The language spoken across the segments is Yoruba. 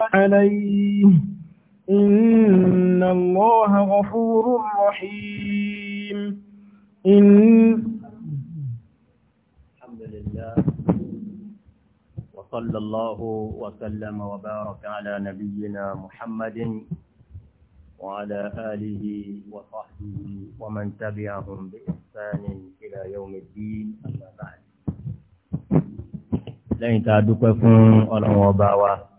عليه إن الله غفور رحيم إن الحمد لله وصلى الله وسلم وبارك على نبينا محمد وعلى آله وصحبه ومن تبعهم بإحسان إلى يوم الدين أما بعد لن تدق فن وباوا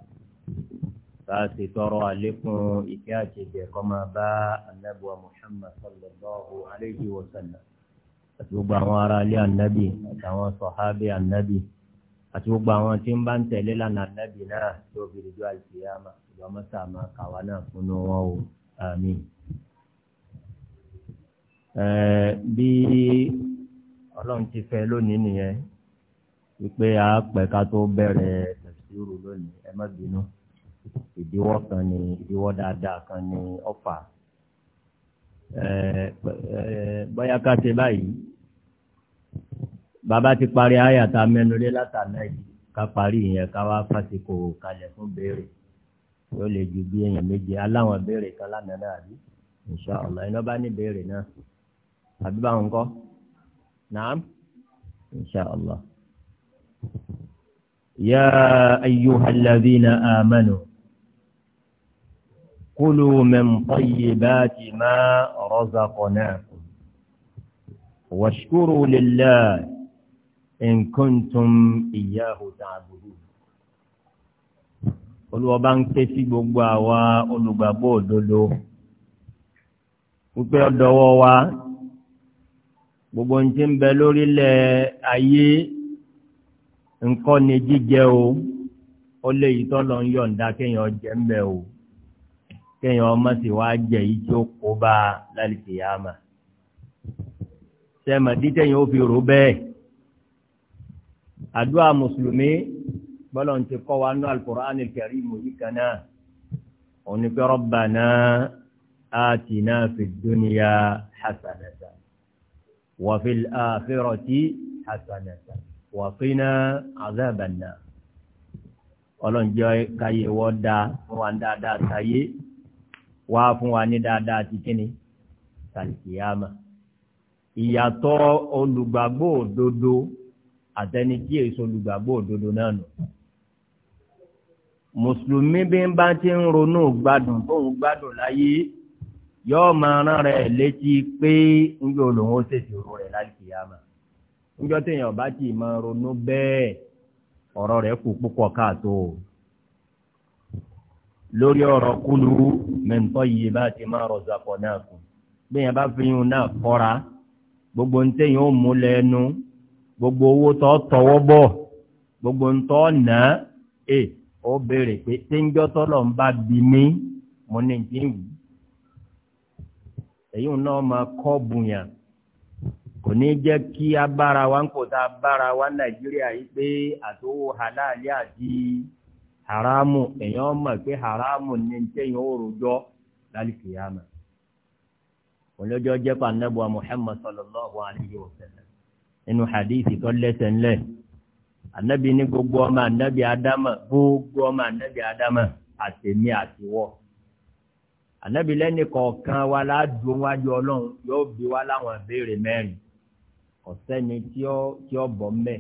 bá a ṣe tọrọ àlékún ìkẹ́ àti ìjẹ́ kó máa bá anábùwà Muhammad sallallahu alayhi wa sallam àti gbogbo àwọn ará ilé anábì àtàwọn sọ̀hábì anábì àti gbogbo àwọn tí ń bá ń tẹ̀lé lànà anábì náà tí ó fi dojú àìsíyáma ìjọ mọ́tà máa kàwá náà fún wọn o àmín. bí ọlọ́run ti fẹ́ lónìí nìyẹn wípé a pẹ̀ka tó bẹ̀rẹ̀ tafsiru lónìí ẹ má bínú ìdíwọ́ kan ní ìdíwọ́ dáadáa kan ní ọ̀fà bóyá ká ṣe báyìí bàbá ti parí àyàtà mẹ́nulé látàná yìí ká parí ìyẹn ká wá fásitì kò kalẹ̀ fún béèrè yóò lè ju bí èèyàn méje aláwọn béèrè kan lánàá náà rí inṣàlá iná bá ní béèrè náà àbí báwọn kọ́ naam inṣàlá. يا أيها الذين آمنوا كلوا من طيبات ما رزقناكم واشكروا لله إن كنتم إياه تعبدون olùwọ́ba ń ké sí gbogbo àwa olùgbàgbọ́ òdodo wípé ọ̀dọ́wọ́ wa gbogbo ń ti ń bẹ lórílẹ̀ ayé nǹkan ni jíjẹ o ó lè yìí tọ́lọ́ ń yọ̀ǹda kéèyàn jẹ́ ń bẹ o kéèyàn ọmọ sì wá jẹ yìí tí ó kó bá a lálùkì yá mà sẹ́mà dítẹ̀ yìí ó fi rò bẹ́ẹ̀ àdúrà mùsùlùmí bọ́lọ̀ ń ti kọ́ wa nú al-Qur'an al-Karim yìí kan náà òun ni pé Rabbana atina fid dunya hasanatan wa fil akhirati hasanatan wa qina adhaban nar ọlọ́njẹ́ káyé wọ́n da wọ́n dáadáa káyé. wá fún wa ní dáadáa ti kíni tàlìkìyàmà ìyàtọ̀ olùgbàgbọ́ òdodo àtẹni tí èso olùgbàgbọ́ òdodo náà nù mùsùlùmí bí ń bá ti ń ronú gbádùn tóun gbádùn láyé yóò máa rán rẹ̀ létí pé níbi olùwọ́n ṣèṣì ro rẹ̀ lálìkìyàmà níjọ́ téèyàn bá ti máa ronú bẹẹ. Ọrọ rẹ kù púpọ̀ káàtó lórí ọ̀rọ̀ kúlù mẹ́ńtọ́ yìí bá ti máa rọ̀ zàpọ̀ náà kù bí yẹn bá fi yún náà kọ́ra gbogbo ń tẹ̀yìn ó mú lẹ́nu gbogbo owó tó tọwọ́ bọ̀ gbogbo ń tọ́ nà á ẹ̀ ó béèrè pé téńjọ́ tọ́lọ̀ ń bá bí mi mo ní ti ń èyí náà máa kọ́ bùyàn kò ní jẹ́ kí a wa ń kò tá a wa Nàìjíríà yìí pé àtòwò halali àti. haramu èèyàn mọ̀ pé haramu ní tẹ́yìn ó rojọ́ lálìkìyàmà olójó jẹ́ pa Muhammad sallallahu alayhi wa sallam nínú hadithi tó lẹ́sẹ̀ ńlẹ̀ anábì ní gbogbo ọmọ Anabi adama gbogbo ọmọ Anabi adama àtẹ̀mí àtiwọ́ anábì lẹ́ni kọ̀ọ̀kan wa wájú ọlọ́run yóò bí wa láwọn mẹ́rin ọ̀sẹ́ni tí ó bọ̀ mẹ́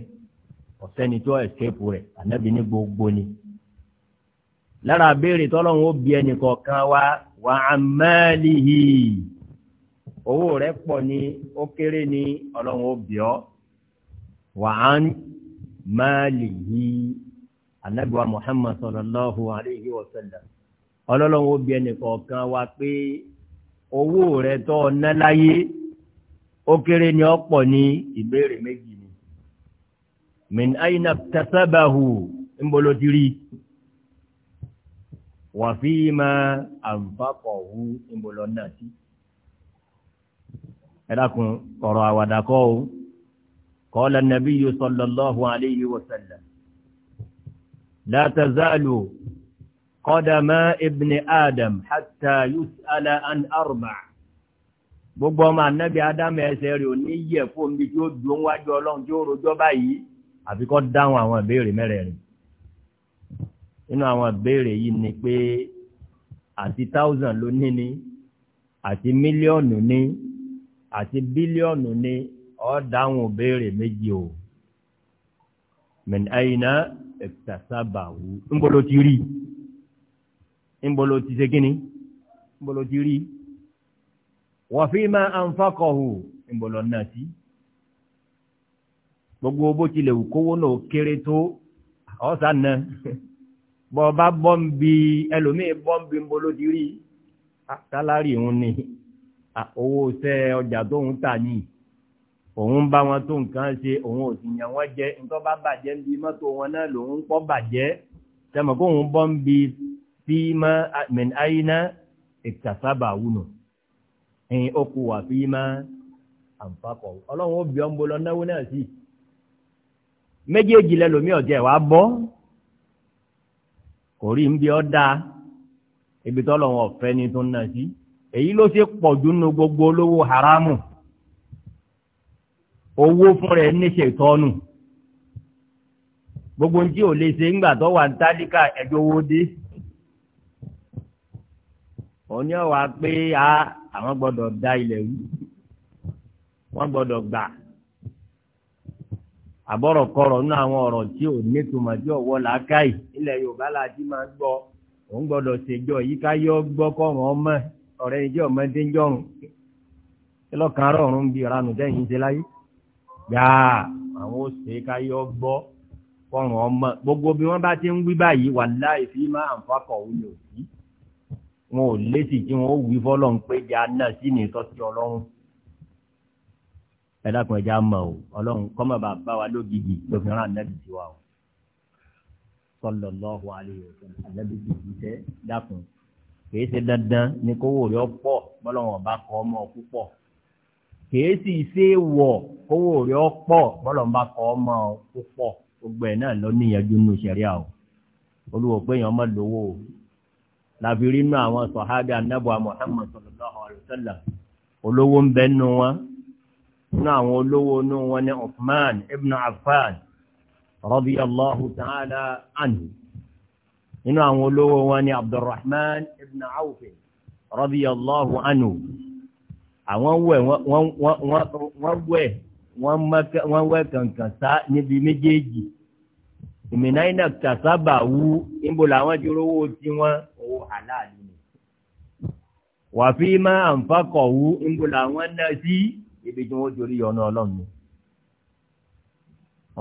ọ̀sẹ́ni tí ó rẹ̀ ní gbogbo ni. lára béèrè tọ́lọ́run ó bí ẹnì kọ̀ọ̀kan wa wà á mẹ́lìhì owó rẹ̀ pọ̀ ní ó kéré ni ọlọ́run ó ọ wà á mẹ́lìhì muhammad sallallahu alayhi wa sallam ọlọ́run ó bí ẹnì kọ̀ọ̀kan wa pé owó rẹ̀ tọ́ láyé ó kéré ìbéèrè méjì ni min tasabahu ń bolo wàfíìmà àǹfààkọ̀hù ìmọ̀lọ́ náà sí. ẹ dákun ọ̀rọ̀ àwàdà kọ́ o qala nabiyyu sallallahu alayhi wa sallam la tazalu qadama ibni adam hatta yus'ala an arba' gbogbo ọmọ anabi adamu ẹsẹ rẹ ò ní yẹ fún mi tí ó dùn wájú Ọlọ́run tí ó rojọ́ báyìí àfikọ́ dáhùn àwọn ìbéèrè mẹ́rẹ̀ẹ̀rin nínú àwọn ìbéèrè yìí ni pé àti thousand ló ní ni àti mílíọ̀nù ní àti bílíọ̀nù ní ó dáhùn ìbéèrè méjì o min aina iktasabahu ńbo ló ti rí ńbo ló ti ṣe kíni ńbo ló ti rí wa fima anfaqahu ńbo ló náà sí gbogbo bó tilẹ̀ wù kówó náà kéré tó ọ̀sán náà. bọ́ bá bọ́m̀bì ẹlòmíì bọ́m̀bì ń bolódi rí sálárì òun ni owó iṣẹ́ ọjà tóun tà ní òun bá wọn tó nǹkan ṣe òun ò sì yàn wọ́n jẹ nǹkan bá bàjẹ́ ń bi mọ́tò wọn náà lòun pọ́ bàjẹ́ sẹ́mọ̀ kó òun bọ́m̀bì fi mọ́ mẹ́ni àyínà ìtàsábà wùnà ẹ̀yin okùn wà fi mọ́ àǹfààkọ̀ ọlọ́run ó bí ọ́ ń bolọ́ náwó náà sí méjèèjì lẹ́lòmíì ọ̀jẹ̀ wàá bọ́. kò rí nbí ọ dáa ibi tọ́lọ̀ wọn ọ̀fẹ́ ni tó ń nà sí èyí ló ṣe pọ̀ jù nínú gbogbo olówó haramu owó fún rẹ̀ níṣẹ́ ìtọ́nù gbogbo ní tí ò lè ṣe ńgbà tó wà ní tálíkà ẹjọ́ owó dé òní ọ̀wà pé àwọn gbọ́dọ̀ da ilẹ̀ wí wọ́n gbọ́dọ̀ gbà àbọ̀rọ̀kọrọ̀ nínú àwọn ọ̀rọ̀ tí ò nítumọ̀ tí ọ̀wọ́ làákàyè ilẹ̀ yorùbá la ti máa gbọ́ òun gbọ́dọ̀ ṣèjọ yìí ká yọ gbọ́ kọ́rùn ọmọ ọ̀rẹ́ ìjọ ọmọ ẹdẹ ń jọrùn ẹlọ́kàn arọ̀ ọ̀run bíi ìranù dẹ́yìn ṣe láyé gbàá àwọn ó ṣe ká yọ gbọ́ kọ́rùn ọmọ gbogbo bí wọ́n bá ti ń wí báyìí wà láì fi ẹ dákun ẹja mọ̀ o ọlọ́run kọ́mọ̀ bá bá wa lógìgì lófin rán ànábì sí wa o sallallahu alaihi wasallam ànábì sí ìṣe dákun kìí ṣe dandan ní kówó rẹ pọ̀ bọ́lọ́wọ́n bá kọ́ ọmọ púpọ̀ kìí sì ṣe wọ̀ kówó rẹ pọ̀ bọ́lọ́wọ́n bá kọ́ ọmọ púpọ̀ gbogbo ẹ̀ náà lọ níyànjú nù sẹ̀ríà o olùwò pé èèyàn mọ̀ o làbí rí nù àwọn sọ̀hábì anábọ̀ Muhammad sallallahu alaihi wasallam olówó ń bẹ́ nù wọn ní àwọn olówó inú wọn ní Uthman ibn Affan radiyallahu ta'ala anhu nínú àwọn olówó wọn ní Abdurrahman ibn Awf radiyallahu anhu àwọn wẹ̀ wọ́n wẹ̀ wọ́n wẹ̀ kankan sá níbi méjèèjì ìmìnà iná tàṣàbà wú níbo làwọn ti rówó tí wọ́n owó àláàlú wàfíìmá àǹfàkọ̀ wú níbo làwọn náà sí ibi tí wọ́n jorí ọ̀nà ọlọ́run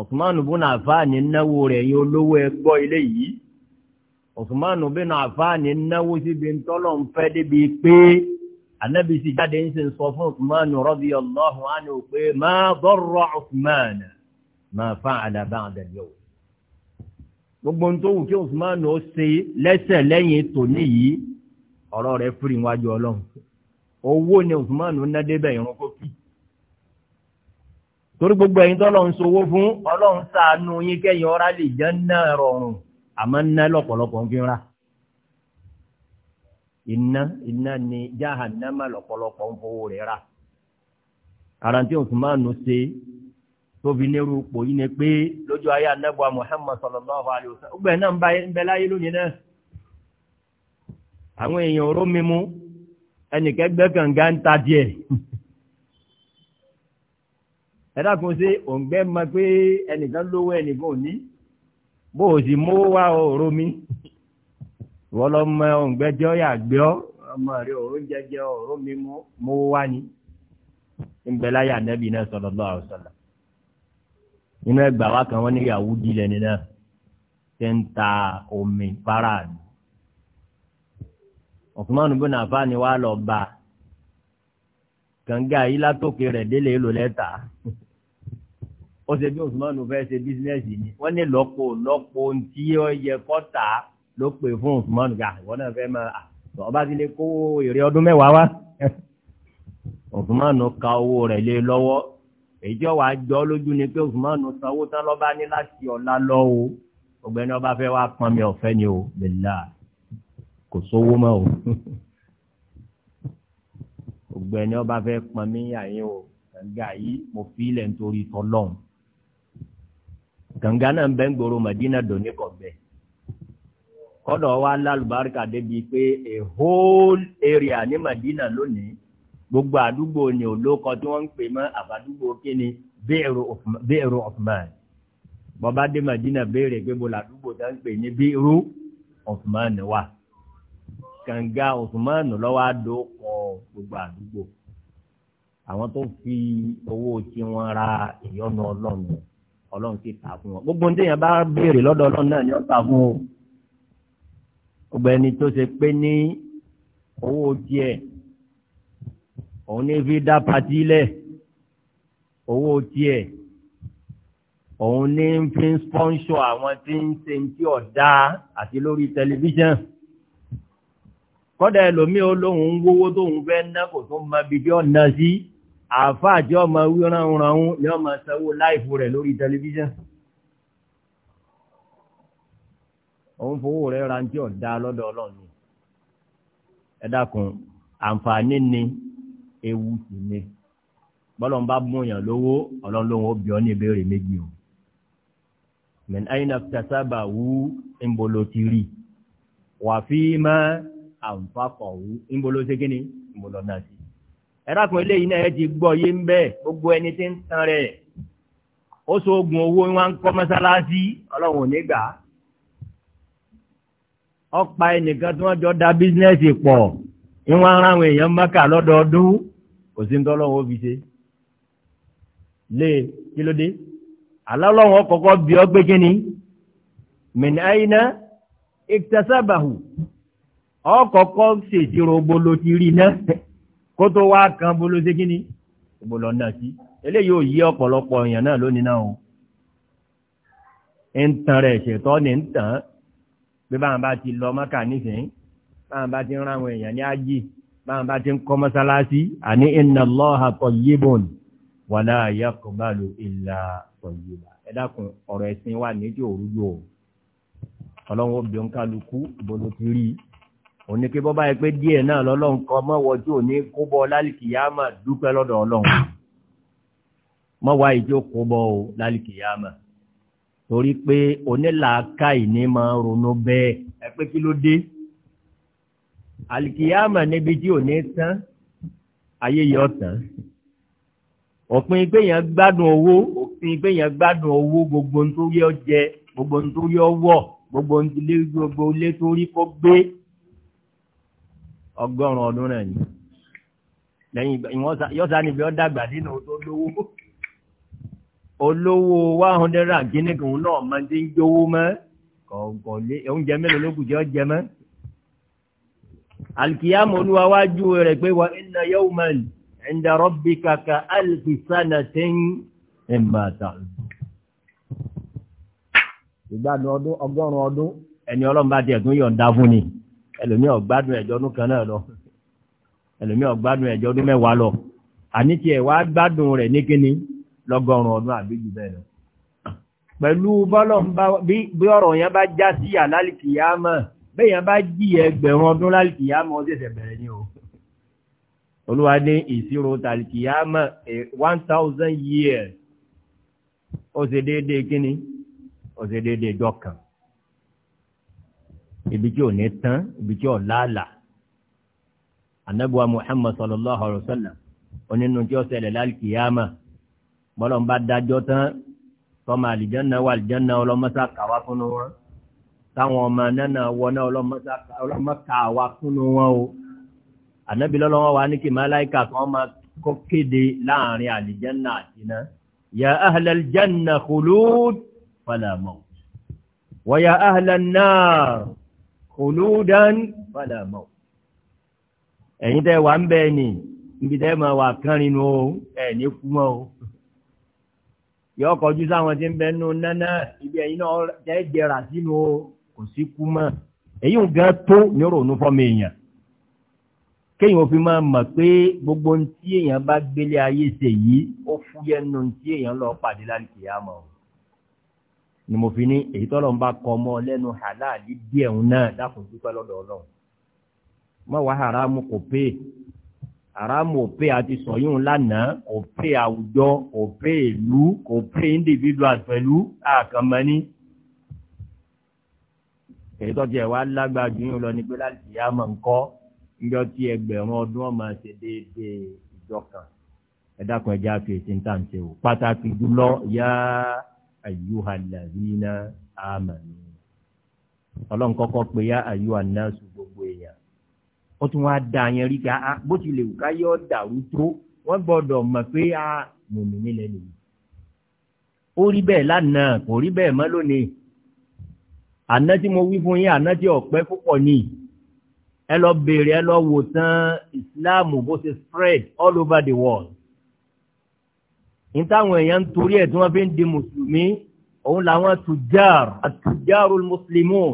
Osman bin Affan náwó rẹ̀ yín olówó ẹgbọ́ ilé yìí Osman bin Affan náwó síbi ńtọ́lọ̀ ń fẹ́ débi pé anabi sì jáde ń sin sọ fún Osman radiyallahu anhu pé ma darra Osman ma fa'ala ba'da al-yawm gbogbo ń wù kí Usman ó ṣe lẹ́sẹ̀ lẹ́yìn tòní yìí ọ̀rọ̀ rẹ̀ fúri wájú ọlọ́run owó ni Usman ná débẹ̀ ìrún kókì torí gbogbo ẹ̀yin tó ń sowó fún ọlọ́run ṣàánú yín kẹ́yìn ọ̀rá lè jẹ́ náà àmọ́ ná ń ra iná iná ni jahannama lọ́pọ̀lọpọ̀ ń fowó rẹ̀ ra karantí Usmanu ṣe tóbi nírú ipò yìí ni pé lójú ayé sallallahu alayhi wa sallam náà ń bẹ láyé lónìí náà àwọn èèyàn mímú ẹnìkẹ́gbẹ́ ẹ̀dàkùn sí òǹgbẹ́ mọ pé ẹnìkan lówó ẹnìkan ò ní bó o sì mówó wá òru mi wọ́n lọ mọ òǹgbẹ́ jẹ́ ọ̀yà gbé ọ́ ọmọ rẹ̀ òru jẹjẹ òru mi mówó wá ni ńbẹ̀láyà nẹ́bí náà sallallahu alaihi wasallam nínú ẹgbàá wa kan wọ́n ní Yahudi lẹ́ni náà ṣe ń ta omi para ni Usman bin Affan ni wàá lọ bá kànga yìí látòkè rẹ̀ délé lò lẹ́ta ó ṣe bí Usman fẹ́ ṣe bísínẹ́sì ni wọ́n ní lọ́pọ̀ lọ́pọ̀ tí ó yẹ kọ́ta ló pè fún Usman gà ah, wọ́n náà fẹ́ máa ah, ọba ti lè kó èrè ọdún mẹ́wàá wá Usman ka owó rẹ̀ lé lọ́wọ́ èjọ́ wa jọ lójú ni pé Usman sanwó tán lọ́ba ní láti ọ̀la lọ o ọ̀gbẹ́ni ọba fẹ́ wá pọn mi ọ̀fẹ́ ni o bẹ́ẹ̀ kò sówó mọ́ o ọ̀gbẹ́ni ọba fẹ́ pọn mi yà yín o gàgà yìí mo fi ilẹ̀ nítorí tọ́lọ́hún gàǹgà náà ń bẹ́ ń gbòòrò Madina dòní kọ̀ bẹ́ẹ̀ kọ́dọ̀ wa lálùbáríkà débi pé a whole area ní Madina lónìí gbogbo àdúgbò ni olóko tí wọ́n ń pè mọ́ àbádúgbò kíni Bi'ru Uthman bọ́bá dé Madina béèrè pé mo làdúgbò tá ń pè ní Bi'ru Uthman wà kànga Uthman lọ́wọ́ àdókọ̀ gbogbo àdúgbò àwọn tó fi owó tí wọ́n ra ìyọ́nú ọlọ́run ọlọ́run ti ta fún wọn gbogbo ní tẹ̀yàn bá béèrè lọ́dọ̀ ọlọ́run náà ni ó ta fún o gbogbo ẹni tó ṣe pé ní owó tiẹ̀ òun ní fi dá patí lẹ̀ owó tiẹ̀ òun ní fi ń spọ́nṣọ àwọn tí ń ṣe ń tí ọ̀dá àti lórí tẹlifíṣàn kọ́dà ẹlòmíì olóhùn ń wówó tóun fẹ́ ná kò tó mọ ibi tí ọ̀nà sí. Si àfá àjọ ọmọ wíran ránun ni ọmọ sanwó láìfò rẹ̀ lórí tẹlifíṣàn òun fowó rẹ̀ ra ọ̀dá lọ́dọ̀ ọlọ́run ẹ àǹfààní ni ewu sì ni bọ́lọ̀n bá mú yàn lówó ọlọ́run lóhun ó bí ọ ní ìbéèrè méjì o mẹ́n àyínà tẹ̀sábà wú ńbolo ti rí wà fí mọ́ àǹfààkọ̀ wú ńbolo ṣe kí ni ńbolo náà sí. ẹ̀rákùn eléyìí náà ẹ ti gbọ́ yé ń bẹ́ẹ̀ gbogbo ẹni tí ń tan rẹ̀ ó so oògùn owó wọn ń kọ́ mọ́sálásí ọlọ́run ò ní ẹnìkan tí wọ́n jọ da bísínẹ́sì pọ̀ ìwọ̀n ara àwọn èèyàn mọ́kà lọ́dọọdún kò sí ní fi ṣe lé kí ló dé ọ pé kí ni kó tó wá kan bolo ṣe kí ni ìbò lọ náà sí eléyìí ò yí ọ̀pọ̀lọpọ̀ èèyàn náà lónìí náà o ń tan rẹ̀ ṣètọ́ ni ń tàn án pé báwọn bá ti lọ mọ́kà nísìnyí báwọn bá ti ń ráwọn èèyàn ní ájì báwọn bá ti ń kọ́ mọ́sálásí àní inna Allaha tayyibun wala yaqbalu illa tayyiba ẹ dákun ọ̀rọ̀ ẹ̀sìn wà ní tí òru yóò ọlọ́run bí ó ń kálukú ìbò ló ti rí i òní kí bọ́bá yẹ pé díẹ̀ náà lọ́lọ́run kọ mọ́wọ́ tí ò ní kó bọ́ lálìkìyàmà dúpẹ́ lọ́dọ̀ ọlọ́run mọ́wá yìí tí ó kó bọ́ o lálìkìyàmà torí pé onílàáká ìní máa ronú bẹ́ẹ̀ ẹ pé kí ló dé àlìkìyàmà níbi tí ò ní tán ayé yọ tán òpin pé yẹn gbádùn owó òpin pé yẹn gbádùn owó gbogbo nítorí ọjẹ gbogbo nítorí ọwọ gbogbo nítorí gbogbo ilé tó kó gbé. ọgọ́rùn-ún ọdún náà ni lẹ́yìn níbi ọ dàgbà nínú olówó olówó one hundred náà ma ti ń jówó mọ́ kọ̀ọ̀kọ̀ oúnjẹ mélòó ló jẹ́ ọ́ jẹ mọ́ alikiyamu rẹ̀ pé wa inna yawman inda rabbika ka ọdún ọgọ́rùn-ún ọdún ẹni ẹlòmí ọ̀gbádùn ẹ̀jọ́ ọdún kan náà lọ ẹlòmí ọ̀gbádùn ẹ̀jọ́ ọdún mẹ́wàá lọ àní tiẹ̀ wá gbádùn rẹ̀ ní kíni lọ́gọ́rùn-ún ọdún àbí jù bẹ́ẹ̀ lọ. pẹ̀lú bí ọ̀rọ̀ yẹn bá já sí àlálìkìyàmọ̀ bẹ́ẹ̀ yẹn bá jí ẹgbẹ̀rún ọdún lálìkìyàmọ̀ ó ṣẹ̀ṣẹ̀ bẹ̀rẹ̀ ni o. olúwa ní ìṣirò tàlìkìyàmọ̀ eh, one thousand years ó ṣe déédéé kíni ó ṣe déédéé jọ ibi tí ò ní tán ibi tí ò láàlà anabuwa muhammad sallallahu alayhi wa sallam onínú tí ó ṣẹlẹ̀ lálkìyàmà bọ́lọ̀ ń bá dájọ́ tán tọ́mọ àlìjánná wà àlìjánná ọlọ́mọ́sá kàwá fúnnu wọn táwọn ọmọ nánà wọná ọlọ́mọ́sá kàwá fúnnu wọn o ànábi lọ́lọ́wọ́ wa ní kí màláìka kan máa kó kéde láàrin àlìjánná àti iná ya ahla aljanna khulud fala maut ya ahla an khuludan fala maut ẹ̀yin tẹ́ wà ń bẹ́ẹ̀ ni ibi tẹ́ máa wà kánrin o ẹ̀ ní kú mọ́ o yọ kọjú sáwọn tí ń bẹ nù nánà ibi ẹ̀yin náà tẹ́ jẹrà sínú o kò sí kú mọ́ èyí ń gan tó ní ronú fọ́mọ èèyàn kéèyàn ò fi máa mọ̀ pé gbogbo ohun tí èèyàn bá gbélé ayé ṣe yìí ó fúyẹ́ nù ohun tí èèyàn lọ pàdé láti kìyàmọ́ o ni mo fi ní èyí tọ́lọ̀ ń bá kọ ọmọ lẹ́nu halali díẹ̀ ń náà dákun dúpẹ́ lọ́dọ̀ ọlọ́run mọ̀ wá haramu kò pé haramu ò pé àti sọ̀yún lánàá kò pé àwùjọ kò pé ìlú kò pé individual pẹ̀lú àkànmọ́ni èyí tọ́jú ẹ̀ wá lágbára jù yín lọ ní pé láti yá mọ̀ ń kọ́ níjọ́ tí ẹgbẹ̀rún ọdún ọmọ ṣe déédéé ìjọ kan ẹ dákun ẹ jẹ́ ń tà ń ṣe o pàtàkì jùlọ yáá ayyuhallazina amanu ọlọ́run kọ́kọ́ pé yá ayyuhannasu gbogbo èèyàn ó tún wáá da yẹn rí ká ah, ah, bó ti lè wù ká yọ dàrú tó wọ́n gbọ́dọ̀ mọ̀ pé a ah, mùmíní lẹ́nu yìí ó rí bẹ́ẹ̀ lánàá kò rí bẹ́ẹ̀ mọ́ lónìí àná tí mo wí fún yín àná tí ọ̀pẹ́ púpọ̀ ni ẹ lọ béèrè ẹ lọ wò tán ìsìláàmù bó ṣe spread all over the world ní táwọn èèyàn ń torí ẹ̀ tí wọ́n fi ń di mùsùlùmí òun làwọn tùjáàr àtùjáàrù mùsùlùmùn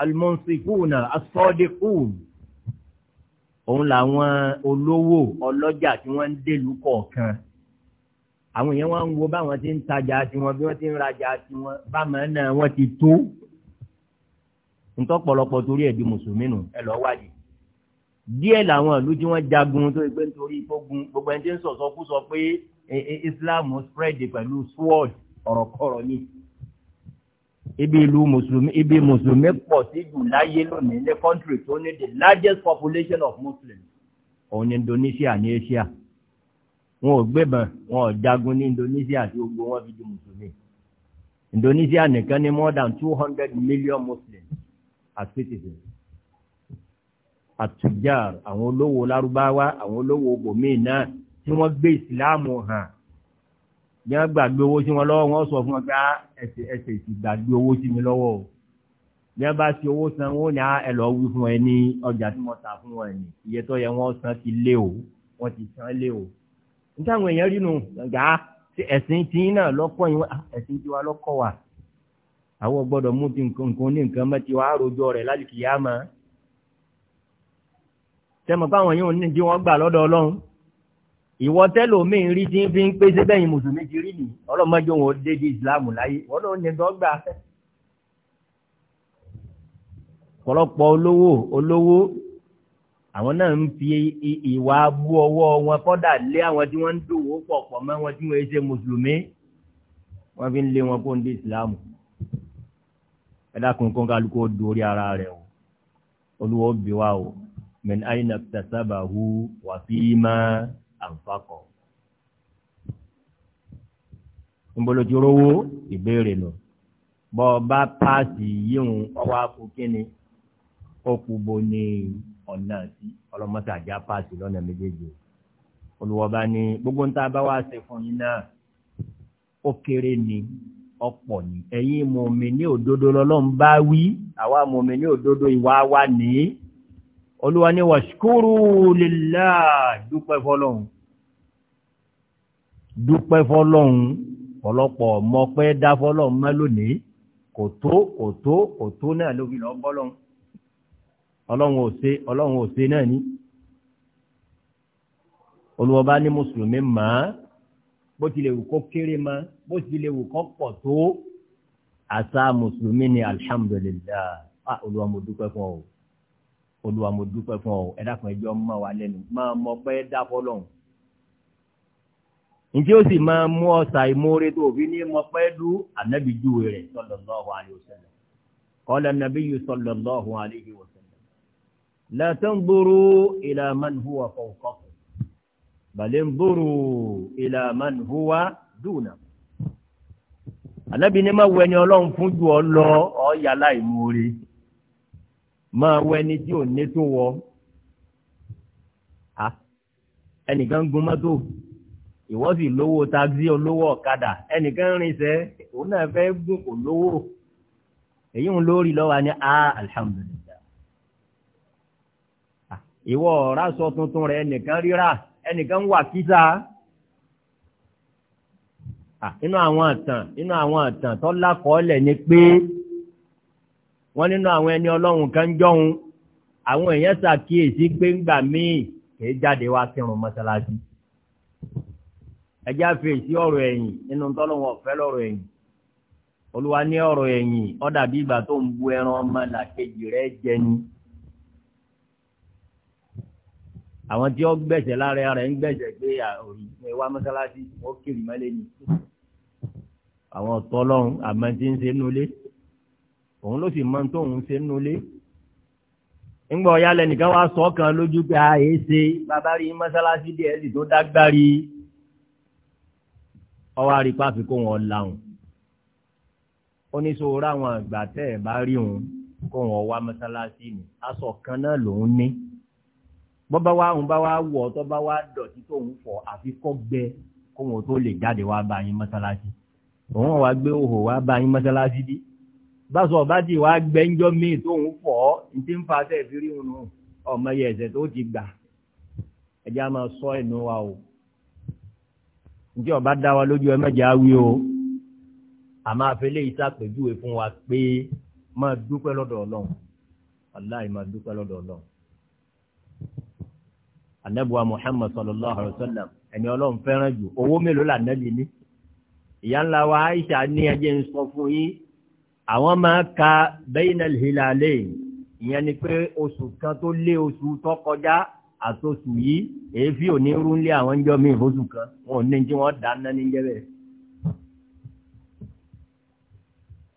àlùmọ̀nsìkùnà àsọ́dẹ̀kùn òun làwọn olówó ọlọ́jà tí wọ́n ń dèlú kọ̀ọ̀kan àwọn èèyàn wọn ń wo báwọn ti ń tajà tiwọn bí wọ́n ti ń rajà tiwọn báwọn náà wọ́n ti tó ntọ́pọ̀lọpọ̀ torí ẹ̀ di mùsùlùmí nù ẹ lọ́ọ́ wádìí díẹ̀ làwọn ìlú tí wọ́n jagun tó ẹgbẹ́ nítorí gbogbo ẹni tí ń sọ̀sọ́ kú sọ pé E, e, islam spread pẹ̀lú sword ọ̀rọ̀kọ̀rọ̀ ni ibi ìlú mùsùlùmí ibi mùsùlùmí pọ̀ sí jù láyé lónìí ní country tó ní the largest population of muslims òun ni indonesia ní asia wọn ò gbébọn wọn ò jagun ní indonesia tí gbogbo wọn fi di mùsùlùmí indonesia nìkan ní more than two hundred million muslims as citizens àtújáàr àwọn olówó lárúbáwá àwọn olówó bòmíì náà tí wọ́n gbé ìsìláàmù hàn bí wọ́n gbàgbé owó sí wọn lọ́wọ́ wọ́n sọ fún wọn pé ti ah, gbàgbé owó sí mi lọ́wọ́ o bí wọ́n bá ti owó san wọ́n ní ah, ẹ lọ wí fún ẹ ní ọjà tí mo ta fún wọn ní iye tó yẹ wọ́n san ti lé o wọ́n ti san lé o níta àwọn èèyàn rínú gbà ẹ̀sìn tí náà lọ́kọ̀ yín ah, ẹ̀sìn tiwa lọ́kọ̀ wa àwọn gbọ́dọ̀ mú ti nǹkan ní nǹkan mẹ́ ti wá rojọ́ rẹ̀ láti kìyàmá tẹ́mọ̀ báwọn yóò ní ìwọ tẹlómiì rí tí ń fi ń pé síbẹ̀ yìí mùsùlùmí ti rí nì ọlọ́mọdé wọn dé di ìsìláàmù láyé wọn ló ní dọ́gba. ọ̀pọ̀lọpọ̀ olówó olówó àwọn náà ń fi ìwà abú ọwọ́ wọn kọ́dà lé àwọn tí wọ́n ń dòwó pọ̀ pọ̀ mọ́ wọn tí wọ́n ṣe mùsùlùmí wọ́n fi ń lé wọn kó ń dé ìsìláàmù ẹ̀dákun kó kálukú ó dorí ara rẹ̀ o olúwo bí wa o min aina tasabahu wàfíìmá àǹfààkọ. nbolojú rówó ìbéèrè nù bọ́ ọ bá páàsì yíhun ọwọ́ àpò kínni ọkù bo ní ọ̀nà sí ọlọ́mọta àjà páàsì lọ́nà méjèèjì olùwọ́ba ní gbogbo níta bá wá ṣe fún yín náà ó kéré ni ọ̀pọ̀ ni ẹ̀yin mọ̀mí ní òdodo lọ́lọ́run bá wí àwa mọ̀mí ní òdodo ìwà wa nìyí olúwa ní wàṣkúrú lílá dúpẹ́ fọlọ́hún dúpẹ́ fọlọ́hún ọ̀pọ̀lọpọ̀ ọmọ pé dá fọlọ́hún mọ́ lónìí kò tó kò tó kò tó náà ló fi lọ bọ́lọ́hún ọlọ́hun ò ṣe ọlọ́hun ò ṣe náà ní. olúwa bá ní mùsùlùmí mọ́ bó tilẹ̀ wù kó kéré mọ́ bó tilẹ̀ wù kó pọ̀ tó àṣà mùsùlùmí ni alihamudulilayi ah olúwa mo dúpẹ́ fún ọ olúwa mo dúpẹ́ fún ọ ẹ dákun ẹjọ́ máa wà lẹ́nu máa mọ pé dáfọ́ lọ́hùn. njẹ́ ó sì máa mú ọ̀sà ìmoore tó fi ní mọ pé dú ànábì júwe rẹ̀ sallallahu alaihi wasallam qala an-nabiyyu sallallahu alaihi wasallam la tanzuru ila man huwa fawqakum bal inzuru ila man huwa dunakum. ànábì ọlọ́run fún ju ọ lọ ọ yà láì máa wọ ẹni tí ò ní tó wọ ẹnìkan gun mọ́tò ìwọ sì lówó táxi olówó ọ̀kadà ẹnìkan rinṣẹ́ òun náà fẹ́ gùn kò lówó èyí ń lórí lọ́wọ́ ni a alhamdulillah ìwọ ọ̀rá sọ tuntun rẹ ẹnìkan ríra ẹnìkan wà kíta inú àwọn àtàn inú àwọn àtàn tó lákọọ́lẹ̀ ni pé wọ́n nínú àwọn ẹni ọlọ́run kan jọ́hun àwọn èèyàn ṣàkíyèsí pé ńgbà míì kìí jáde wá sírun mọ́sálásí ẹjá fèsì ọ̀rọ̀ ẹ̀yìn nínú tọ́lọ́wọ́ ọ̀fẹ́ lọ́rọ̀ ẹ̀yìn olúwa ní ọ̀rọ̀ ẹ̀yìn ó dàbí ìgbà tó ń bu ẹran ọmọ làkejì rẹ̀ jẹ àwọn tí ó gbẹ̀sẹ̀ lára rẹ̀ ń gbẹ̀sẹ̀ pé òrìṣẹ́ wa mọ́sálásí ó kiri mọ́lẹ́ ni àwọn ọ̀tọ́ ọlọ́run àmọ́ tí ń ṣe nulẹ̀ òun ló sì máa ń tóun ṣe ń nulẹ̀ ńgbà ọ̀yá lẹ́nìkan wá sọ kan lójú pé a èé ṣe bàbá rí mọ́sálásí díẹ̀ sì tó dágbárí ọwọ́ àrípá fi kó wọn láwọn ó ní sọ ra àwọn àgbà tẹ́ ẹ̀ bá rí òun kó wọn wá mọ́sálásí ni aṣọ kan náà lòun ní bọ́bá wa òun bá wá wọ̀ tó bá wá dọ̀tí tóun fọ̀ àfi kọ́ gbẹ kó wọn tó lè jáde wá bá yín mọ́sálásí òun wá gbé òhò wá bá yín mọ́sálásí bíi báṣọ ọba ti wá gbẹ́njọ́ míì tóun pọ̀ ní ti ń fa tẹ̀ fi rí òun ọmọ yẹ ẹ̀sẹ̀ tó ti gbà ẹ̀jẹ̀ á máa sọ ẹ̀nu wa o ǹjẹ́ ọba dá wa lójú ẹ mẹ́jẹ̀ á wí o àmọ́ àfẹlẹ́ ìsàpèjúwe fún wa pé máa dúpẹ́ lọ́dọ̀ ọlọ́run aláì máa dúpẹ́ lọ́dọ̀ ọlọ́run anabuwa muhammad sallallahu alayhi wa sallam ẹni ọlọ́run fẹ́ràn jù owó mélòó là nẹ́bi ní ìyá ńlá wa aisha ní ẹjẹ́ ń sọ fún yín àwọn máa ka bainal hilalayn ìyẹn ni pé oṣù kan tó lé oṣù tó kọjá àtòṣù yìí èéfì onírú ńlé àwọn jọ mí ìfosù kan wọn ò ní tí wọn dáná ní jẹbẹ.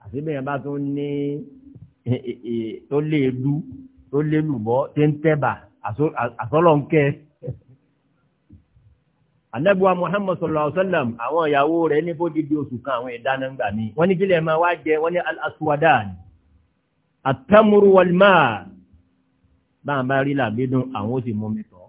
àti bẹ́ẹ̀ bá tún ní e, e, e, tó lé edu tó lé lùbọ́ tó ń tẹ́bà àsọlọ́nkẹ́ anabiwa muhammad sallallahu alaihi wa sallam àwọn ìyàwó rẹ̀ ní bó dídí oṣù kan àwọn ìdáná gbà mí wọ́n ní kílẹ̀ máa wá jẹ wọ́n ní al-aswadan at-tamru wal-ma báwọn bá rí làbídùn àwọn ó sì mú mi tọ́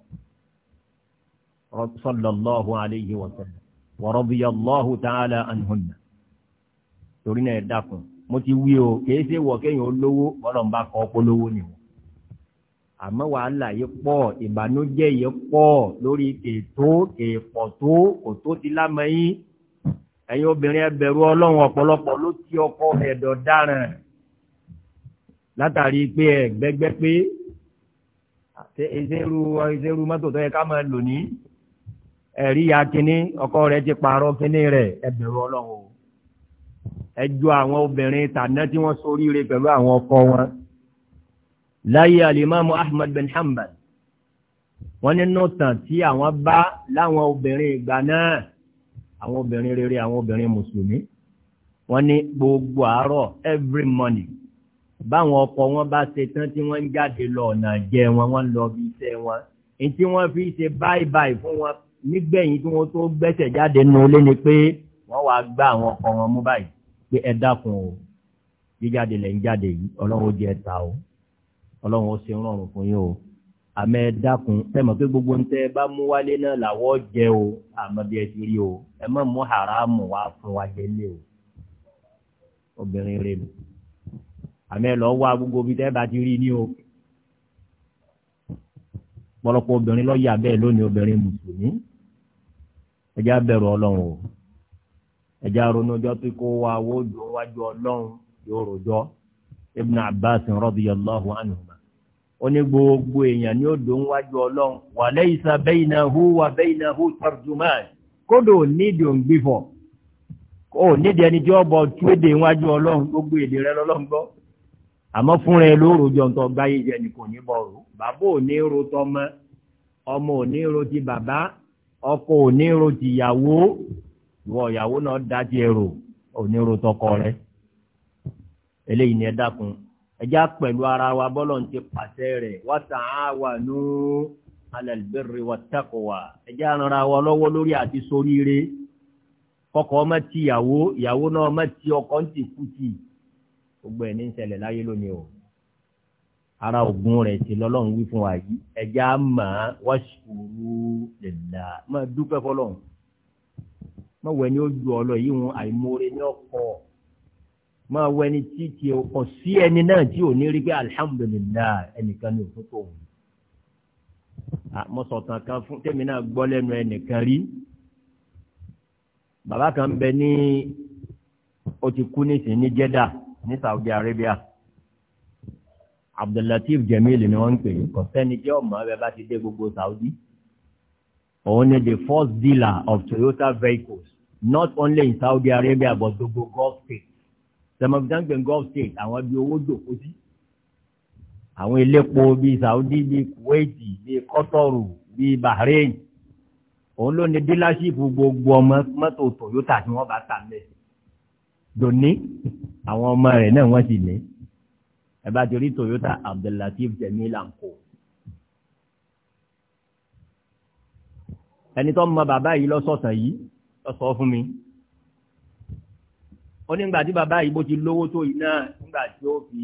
àmọ́ wàhálà yìí pọ̀ ìbànújẹ́ yìí pọ̀ lórí ètò èèpọ̀ tó kò tó ti lámẹ́yìn ẹ̀yin obìnrin ẹbẹ̀rù ọlọ́run ọ̀pọ̀lọpọ̀ ló ti ọkọ ẹ̀dọ̀ dáràn látàrí pé ẹ gbẹgbẹ pé ìṣerú ìṣerú mọ́tò tó yẹ ká máa lò ní ẹ̀rí ya kínní ọkọ rẹ ti pààrọ̀ kínní rẹ̀ ẹbẹ̀rù ọlọ́run ẹjọ́ àwọn obìnrin tàná tí wọ́n ṣoríire pẹ̀lú àwọn ọkọ wọn láyé alimamu ahmad bin hanbal wọ́n ní nọ́tàn tí àwọn bá láwọn obìnrin ìgbà náà àwọn obìnrin rere àwọn obìnrin mùsùlùmí wọ́n ní gbogbo àárọ̀ every morning báwọn ọkọ wọn bá ṣe tán tí wọ́n ń jáde lọ ọ̀nà jẹ wọn wọ́n ń lọ bí iṣẹ́ wọn èyí tí wọ́n fi ṣe báyìí báyìí fún wọn nígbẹ̀yìn tí wọ́n tó gbẹ́sẹ̀ jáde nínú ilé ni pé wọ́n wá gbá àwọn ọkọ wọn mú báyìí pé ẹ dákun o jíjáde lẹ̀ ń jáde yìí ọlọ́run ó jẹ́ ta o ọlọ́run ó ṣe ń rọrùn fún yín o àmọ́ ẹ dákun tẹmọ pé gbogbo ń tẹ bá mú wálé náà làwọ jẹ o àmọ́ bí ẹ ti rí o ẹ má mú haramu wá fún wa jẹ lé o obìnrin rẹ mi àmọ́ ẹ lọ wá gbogbo bí tẹ bá ti rí ni o pọ̀lọpọ̀ obìnrin lọ yà bẹ́ẹ̀ lónìí obìnrin mùsùlùmí ẹjẹ abẹ̀rù ọlọ́run o ẹjẹ aronú ọjọ́ pé kó wa wó wájú ọlọ́run yóò rojọ́. ibn abbas radiyallahu anhuma ó ní gbogbo èèyàn ni odò ń wájú ọlọ́run wa laysa baynahu wa tarjuman gbogbo èdè rẹ Ama ni kò ní bọ̀ rò bàbá ò ro tọmọ ọmọ ò ní ro ti bàbá ọkọ ò ro ti ìyàwó ìwọ ìyàwó náà eléyìí ni ẹ dákun ẹjá pẹ̀lú ara wa bọ́lọ̀ ń ti pàṣẹ rẹ̀ wa ta'awanu 'ala al-birri wat-taqwa ẹjá ara wa lọ́wọ́ lórí àti soríire kọ́kọ́ ọmọ ti ìyàwó ìyàwó náà ọmọ ti ọkọ ń ti kú ti gbogbo ẹ̀ ní ń ṣẹlẹ̀ láyé lónìí o ara ògùn rẹ̀ ti lọ́lọ́run wí fún wa yìí ẹja mà á wáṣíkúrú lèlá máa dúpẹ́ fọlọ́run mọ̀wẹ́ ni ó ju ọ máa wọ ẹni tí tí ọ̀ sí ẹni náà tí ò ní rí pé alhamdulilayi ẹnìkan ní òfin tó wù. àmọ́sọ̀tàn kan fún tèmi náà gbọ́ lẹ́nu ẹnìkan rí bàbá kan bẹ ní ó ti kú nísìnyí ní Jẹ́dà ní Saudi Arabia Abdullatif Jamil ni wọ́n ń pè é kò sẹ́ni jẹ́ ọ̀mọ́ ẹ bá ti dé gbogbo Saudi òun ni the first dealer of Toyota vehicles not only in Saudi Arabia but gbogbo Gulf states sẹmọgán gbẹngàn state àwọn bíi owó jòkó sí àwọn elépo bíi Saudi bíi Kuwait bíi kọtọrù bíi Bahrain òun ló ní dílásìpù gbogbo ọmọ mọ́tò Toyota tí wọ́n bá tà mẹ dòní àwọn ọmọ rẹ̀ náà wọ́n sì ní ẹ bá ti rí Toyota Abdullatif Jamila nko. ẹni tó mọ bàbá yìí lọ sọ̀tàn yìí lọ sọ fún mi ó ní ìgbà tí bàbá yìí bó ti lówó tó yìí náà nígbà tí ó fi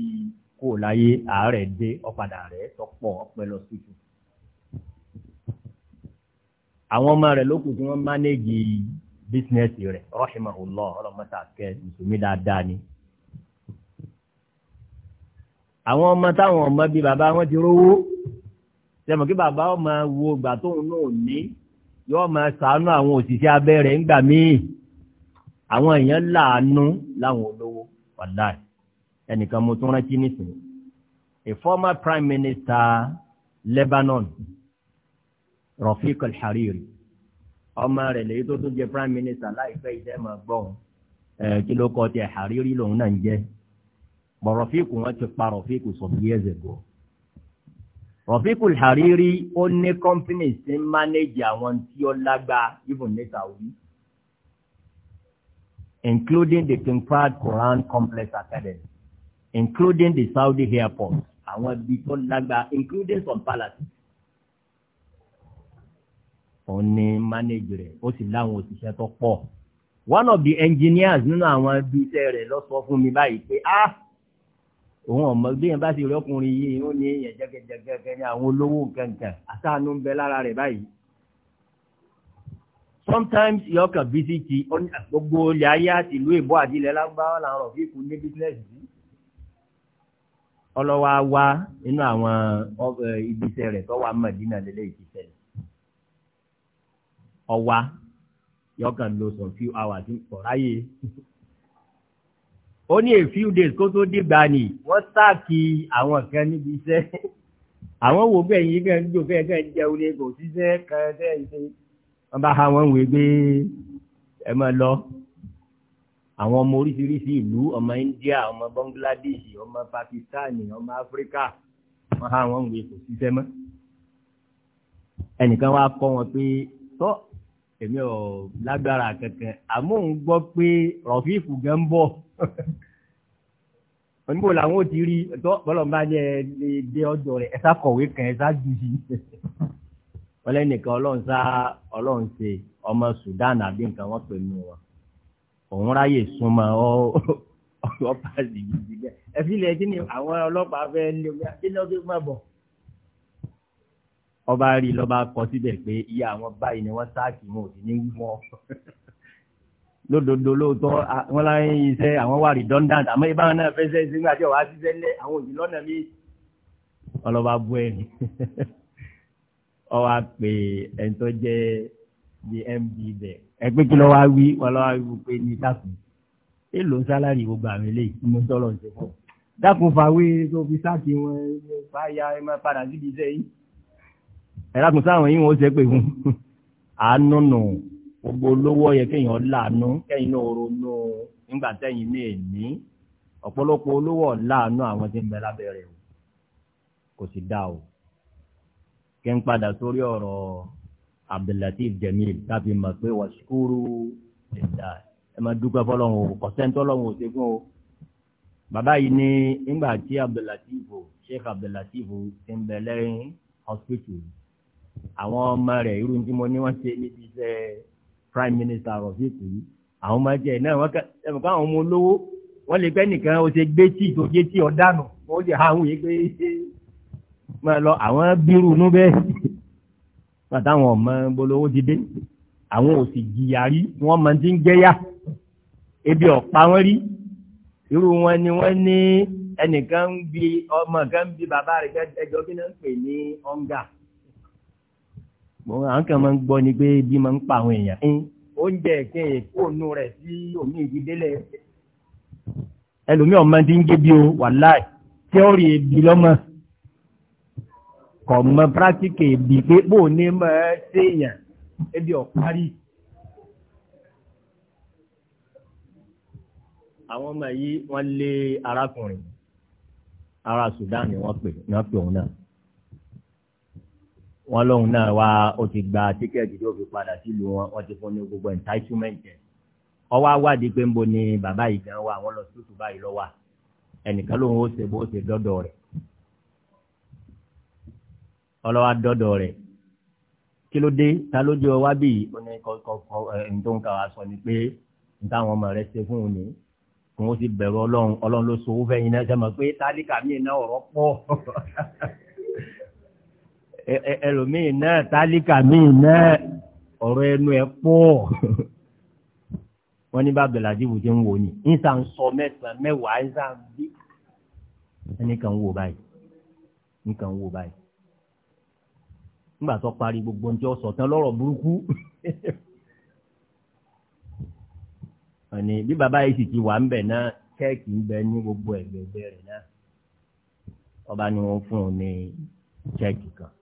kó o láyé àárẹ̀ dé ọ̀padà rẹ̀ tọpọ̀ ọpẹ lọ sí ju. àwọn ọmọ rẹ̀ ló kù tí wọ́n mánéjì bísínẹ́sì rẹ̀ rahimahullah ọlọ́mọta kẹ́ mùsùlùmí dáadáa ni. àwọn ọmọ táwọn ọmọ bíi bàbá wọn ti rówó sẹ́mu kí bàbá ọmọ wo gbà tóun náà ní yóò máa ṣàánú àwọn òṣìṣẹ́ abẹ́rẹ́ ńgbà míì àwọn èèyàn láàánú láwọn olówó wàláì ẹnìkan mo tún rántí nísìnyí a former prime minister Lebanon Rafiq al-Hariri ọmọ rẹ̀ lèyí tó tún jẹ prime minister láìpẹ́ ìdẹ́ máa gbọ́ ẹ̀ kí ló kọ́ tiẹ̀ Hariri lòun náà ń jẹ́ bọ̀ Rafiq wọn ti pa Rafiq some years ago Rafiq hariri ó ní companies ti ń manage àwọn tí ó lágbá even ní Saudi including the Kimpad Quran Complex Academy, including the Saudi airport, àwọn ibi tó lágbá, including some palaces. Òun ni manager, rẹ̀, ó sì láwọn òṣìṣẹ́ tó pọ̀. One of the engineers nínú àwọn ibi iṣẹ́ rẹ̀ lọ sọ fún mi báyìí pé, ah! Òun ọ̀mọ bí yẹn bá sì rọ́kùnrin yìí, ó ní èèyàn jẹ́gẹ́jẹ́gẹ́ ní àwọn olówó kankan, àtàánú ń bẹ lára rẹ̀ báyìí sometimes yọ kàn bísítì gbogbo ilẹ̀ ayé àti ìlú èbó àti lágbára làwọn ọ̀fíì kù ní bísínẹ́sì yìí ọlọ́wọ́ wá nínú àwọn eh, ibiṣẹ́ rẹ̀ tọ́wọ́ amọ̀dínà lélẹ́ ìṣiṣẹ́ rẹ̀ ọwa yọkàn lo some few hours ọ̀ráyè ó ní a few days kó tó dìgbà ni wọ́n sáàkì àwọn kan níbi iṣẹ́ àwọn wo bẹ́ẹ̀ yìí kẹ́ ń jò kẹ́ ń jẹun ní kò síṣẹ́ kan tẹ́ ń ṣe wọ́n bá ha wọ́n wèé gbé ẹ máa lọ àwọn ọmọ oríṣiríṣi ìlú ọmọ India ọmọ Bangladesh ọmọ Pakistan ọmọ Africa wọ́n ha wọ́n wèé kò ṣiṣẹ́ mọ́ ẹnìkan wá kọ́ wọn pé tọ́ èmi ò lágbára kankan àmọ́ òun gbọ́ pé rọ̀fíìfù gan ń bọ̀ onígbò làwọn ò ti rí tọ́ bọ́lọ̀ bá ní ẹ lè dé ọjọ́ rẹ̀ ẹ sá kọ̀wé kan ẹ sá jù sí wọ́n lẹ́nìkan ọlọ́run sá ọlọ́run ṣe ọmọ Sudan àbí nǹkan wọ́n pè mí wọn òun ráyè súnmọ́ ọ ọlọ́pàá sì yí sí bẹ́ẹ̀ ẹ fi lè kí ni àwọn ọlọ́pàá fẹ́ lé omi àti ní ọdún má bọ̀. ọba rí lọ́ba kọ síbẹ̀ pé iye àwọn báyìí ni wọ́n sáàkì wọn ò ní wọ́n lódodo lóòótọ́ wọn láyé iṣẹ́ àwọn wà redundant àmọ́ ibà náà fẹ́ sẹ́yìn sí nígbà tí ọ̀wá ṣiṣẹ́ lé àwọn òjì lọ́nà mi ọlọ́ba bu ẹ̀rín ọ wá pé ẹni tó jẹ́ bí md bẹ̀ ẹ pé kí ló wá wí wọn lọ́wọ́ wí pé ní dákun ẹ ló ń sálárì gbogbo àwọn eléyìí mo ń tọ́lọ̀ ṣe fún dákun fàwé tó fi sáàkì wọn fàyà ẹ máa padà síbi iṣẹ́ yìí ẹ dákun sáwọn yìí wọn ó ṣe pé fún àánú nù gbogbo olówó yẹ kéèyàn láàánú kéèyàn náà ronú nígbà tẹ́yìn ní èní ọ̀pọ̀lọpọ̀ olówó láàánú àwọn tí ń bẹ lábẹ́ o kò sì dá o kí n padà sórí ọ̀rọ̀ Abdullatif Jamil tàbí mọ̀ pé wàṣúkúrú ẹ̀dá ẹ máa dúpẹ́ fọlọ́run o kọ̀sẹ́ńtọ́ lọ́run ò ṣẹ́gun o. bàbá yìí ní nígbà tí Abdullatif Sheikh Abdullatif ti ń bẹ lẹ́yìn hospital àwọn ọmọ rẹ̀ irú tí mo ní wọ́n ṣe níbi iṣẹ́ prime minister Rafik yìí àwọn ọmọ ẹ̀jẹ̀ náà wọ́n kẹ́ ẹ̀ mọ̀ pé àwọn ọmọ olówó wọ́n lè pẹ́ nìkan ó ṣe gbé tí ìtòjé tí ọ̀dánù ó sì háhùn yìí máa lọ àwọn bírù nú bẹ́ẹ̀ pàtàwọn ọmọ bolówó ti dé àwọn ò sì jìyà rí wọn máa ti ń jẹyà ebi ọ̀pá wọn rí irú wọn ni wọn ní ẹnìkan ń bi ọmọ kan ń bi bàbá rẹ ẹjọ kí náà ń pè ní ọ̀ǹgà àwọn kan máa ń gbọ́ ni pé ebi máa ń pa àwọn èèyàn oúnjẹ ẹ̀kẹ́ èkóònú rẹ̀ sí omi ìdílé ẹlòmí ọmọ ti ń gé bí o wàláì tí ó rí ebi lọ́mọ ọmọ pírátíkì ìbí pé bó ní mọ́ séèyàn ebi ọ̀parí àwọn ọmọ yìí wọ́n lé arákùnrin ará Sudan ni wọ́n pè wọ́n pè òun náà wọ́n lóun náà wá o ti gba tíkẹ́ẹ̀tì tó fi padà sílùú wọn wọ́n ti fún ní gbogbo entitlement yẹn ọwọ́ awádìí pé ń bo ni bàbá yìí gan wa wọ́n lọ sí òtún báyìí lọ́wọ́ ẹnìkan lòun ó ṣe bó ṣe dọ́dọ̀ rẹ̀ ọlọ́wà dọ́dọ̀ rẹ̀ kí ló dé ta ló jẹ́ wá bí ohun tó ń kà wá sọ ni pé n táwọn ọmọ rẹ̀ ṣe fún un ni kò ó sì bẹ̀rù ọlọ́run ọlọ́run ló sọ fẹ́ yín náà sẹ́mọ̀ pé tálíkà míì náà ọ̀rọ̀ pọ̀ ẹlòmíì náà tálíkà míì náà ọ̀rọ̀ ẹnu ẹ̀ pọ̀ wọ́n ní bá abdulhadibu ti ń wò ní ìsà ń sọ mẹ́sàn-án mẹ́wàá ìsà ń bí ẹnìkan ń ń wò báyìí nígbà tó parí gbogbo ní ọ̀sọ̀ tán lọ́rọ̀ burúkú ọ̀nì bí bàbá yìí sì ti wà ń bẹ̀ náà kẹ́ẹ̀kì ń bẹ ní gbogbo ẹ̀gbẹ̀gbẹ̀ rẹ̀ náà ọba ni wọ́n fún un ní chẹ́ẹ̀kì kan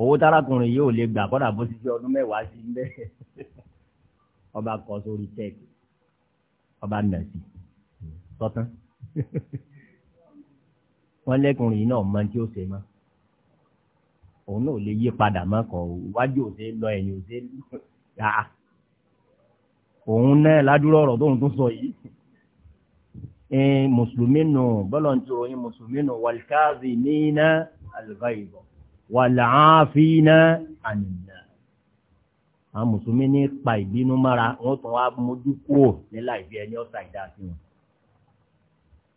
owó tárakùnrin yìí ò lè gbà kọ́dà bó ti jẹ́ ọdún mẹ́wàá sí ń bẹ́ ọba kọ sórí chẹ́ẹ̀kì ọba nà sí tọ́tán wọ́n yìí náà mọ tí ó ṣe máa òun náà lè yí padà mọ́kọ̀ iwájú òde lọ ẹ̀yìn òde yá òun náà ládùúrọ̀ ọ̀rọ̀ tóun tún sọ yìí mùsùlùmí nù bọ́lọ̀ ń tún ròyìn mùsùlùmí nù wàlíkàzì níná àlùbá ìbọ̀ wàlàáfínà ànìyàn àwọn mùsùlùmí ní pa ìbínú mára wọn tún wá mójú kúrò nílà ìbí ẹni ọ̀sà ìdá sí wọn.